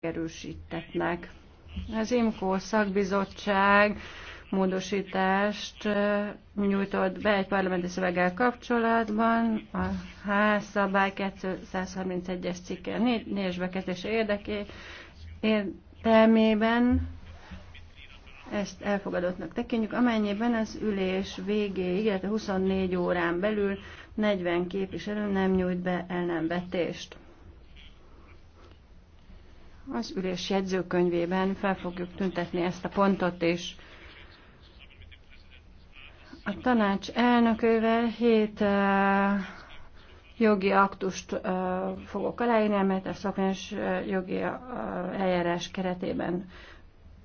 erősítetnek. Az IMKO szakbizottság módosítást nyújtott be egy parlamenti szöveggel kapcsolatban, a házszabály 231-es cikke négyes bekezdése érdeké értelmében ezt elfogadottnak tekintjük, amennyiben az ülés végéig, illetve 24 órán belül 40 képviselő nem nyújt be ellenvetést. Az ülés jegyzőkönyvében fel fogjuk tüntetni ezt a pontot és A tanács elnökövel hét uh, jogi aktust uh, fogok aláírni, mert a szakmányos uh, jogi uh, eljárás keretében